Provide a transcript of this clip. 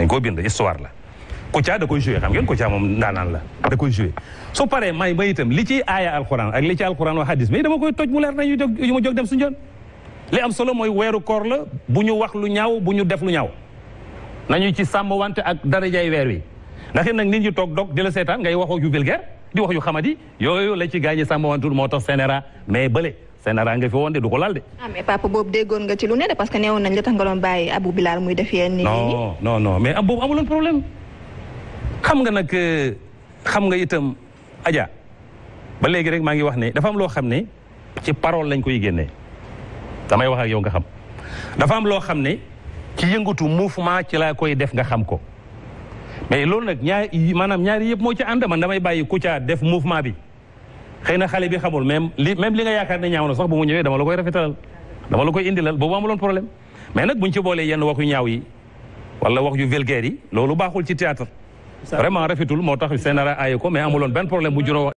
dañ koo bind histoire la Kouthia da koy joué xam ngeen Kouthia moom ndaanaan la da koy joué su paree may may itam li ci aaya alxuraan ak li ci alxuraan wax hadis mais dama koy toj mu leer na yu jóg yu ma jóg dem suñu li am solo mooy weeru koor la bu ñu wax lu ñaaw bu ñu def lu ñaaw nañu ci sàmm wante ak darajay weer wi ndax nag nit ñi toog dog di la seetaan ngay waxoo yu di wax yu xamadi yooyu la ci gaañi sàmm wantul moo tax sénéra mais bële seen araange fi woon de du ko laal de. ah mais papa boobu déggoon nga ci ne de parce que neewoon nañ la tax nga doon bàyyi Abou Bilal muy def yenn. non non non mais ab boobu amuloon problème xam nga nag euh, xam nga itam Adja ba rek maa ngi wax ne dafa am loo xam ne ci parole lañ koy génnee damay wax ak yow nga xam dafa am loo xam ne ci yëngatu mouvement ci laa koy def nga xam ko mais loolu nag ñaar maanaam ñaari yëpp moo ci ànd man damay bàyyi ku caa def mouvement bi. xëy na xale bi xamul même li même li nga yaakaar ne ñaaw na sax bu mu ñëwee dama la koy rafetalal dama la koy indilal boobu amuloon problème mais nag buñ ci boolee yenn waxu ñaaw yi wala wax yu vulgaire loolu baaxul ci théâtre vraiment rafetul moo tax seen ara aaye ko mais amuloon benn problème bu juróo